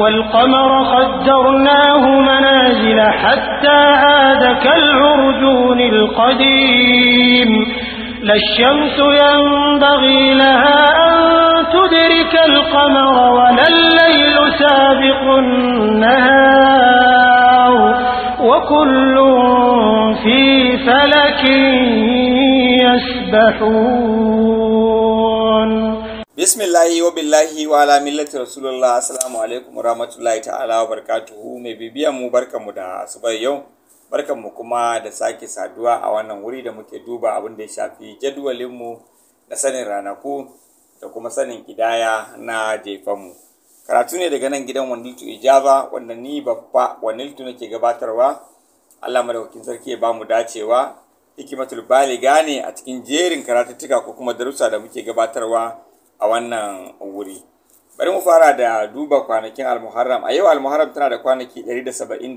والقمر قدرناه منازل حتى عاد كالعرجون القديم لا الشمس ينبغي لها أن تدرك القمر ولا الليل سابق النهار وكل في فلك يسبحون bismillahi wa billahi wa ala millati rasulullah assalamu alaikum wa rahmatullahi ta'ala wa barakatuhu mai bibiyan mu barkanmu da asubar yau barkanmu kuma da sake saduwa a wannan wuri da muke duba abin da ya shafi jadwalin mu na sanin ranaku da kuma sanin kidaya na jefan mu karatu ne daga nan gidan waniltu ijaba wanda ni babba waniltu nake gabatarwa Allah madaukakin sarki ya bamu dacewa hikimatul baliga ne a cikin jerin karatuttuka ko kuma darussa da muke gabatarwa a wannan wuri bari mu fara da duba kwanakin almuharram a yau almuharram tana da kwanaki 171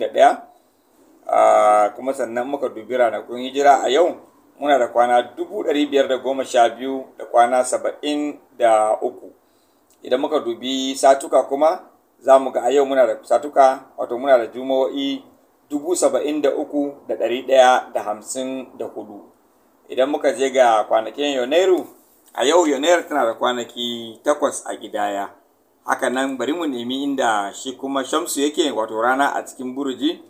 kuma sannan muka dubi ranakun hijira a yau muna da kwana 512 da kwana 73 idan muka dubi satuka kuma za mu ga a yau muna da satuka wato muna da juma'o'i 73,154 idan muka je ga kwanakin yonairu a yau yanayar tana da kwanaki takwas a gidaya hakanan bari mu nemi inda shi kuma shamsu yake wato rana a cikin buruji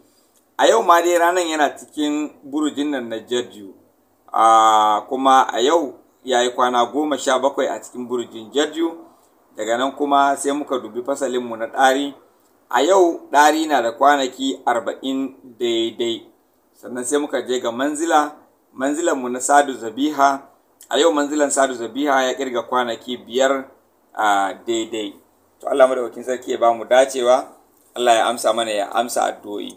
a yau ma dai ranar yana cikin burujin nan na jaju kuma a yau ya yi kwana goma sha bakwai a cikin burujin jaju daga nan kuma sai muka dubi fasalinmu na ɗari a yau ɗari na da kwanaki arba'in daidai sannan sai muka je ga manzila manzilanmu na sadu zabiha a yau manzilan sadu zabiha ya kirga kwanaki biyar a daidai to Allah madaukakin sarki ya bamu dacewa Allah ya amsa mana ya amsa addu'o'i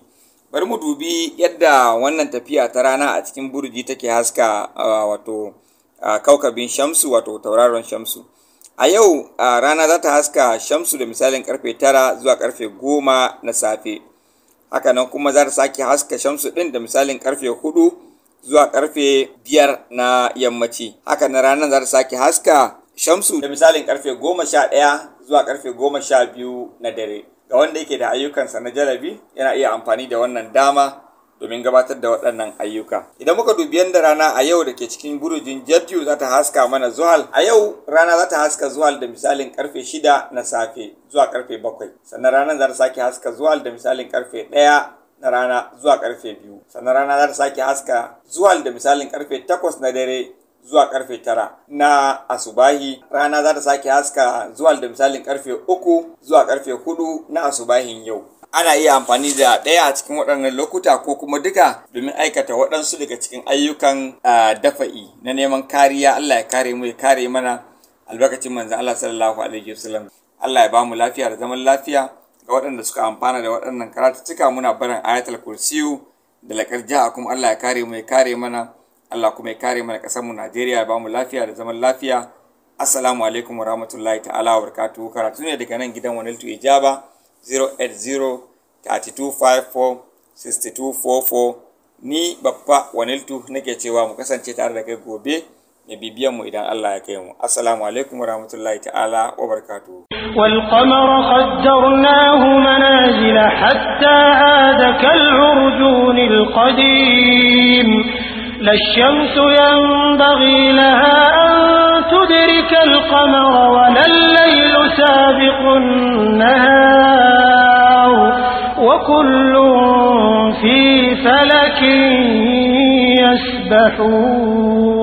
bari mu dubi yadda wannan tafiya ta rana a cikin burji take haska wato kaukabin shamsu wato tauraron shamsu a yau rana za ta haska shamsu da misalin karfe tara zuwa karfe goma na safe hakanan kuma za ta sake haska shamsu din da misalin karfe hudu zuwa karfe biyar na yammaci haka na ranar za ta sake haska shamsu da misalin karfe goma sha ɗaya zuwa karfe goma sha biyu na dare ga wanda yake da ayyukansa na jarabi yana iya amfani da wannan dama domin gabatar da waɗannan ayyuka idan muka dubi yadda rana a yau da ke cikin burujin jaddu za ta haska mana zuhal a yau rana za ta haska zuhal da misalin karfe shida na safe zuwa karfe bakwai sannan ranar za ta sake haska zuhal da misalin karfe ɗaya na rana zuwa karfe biyu sannan rana za ta sake haska zuwa da misalin karfe takwas na dare zuwa karfe tara na asubahi rana za ta sake haska zuwa da misalin karfe uku zuwa karfe hudu na asubahin yau ana iya amfani da ɗaya a cikin waɗannan lokuta ko kuma duka domin aikata waɗansu daga cikin ayyukan dafa'i na neman kariya Allah ya kare mu ya kare mana albarkacin manzan Allah sallallahu alaihi wasallam Allah ya bamu lafiya da zaman lafiya ga waɗanda suka amfana da waɗannan karatuttuka muna barin ayatul kursiyu da laƙar jiha kuma Allah ya kare mu ya kare mana Allah kuma ya kare mana ƙasar mu Najeriya ya ba mu lafiya da zaman lafiya assalamu alaikum wa ta'ala wa barakatuhu karatu ne daga nan gidan Waniltu Ijaba 08032546244 ni babba Waniltu nake cewa mu kasance tare da kai gobe mai bibiyan mu idan Allah ya kai mu assalamu alaikum wa rahmatullahi ta'ala wa barakatuhu wal qamara qaddarnahu manazila hatta ada kal urjun al qadim la shamsu yanbaghi laha an tudrika al qamara wa lal laylu sabiqun nahar wa kullun fi falakin yasbahun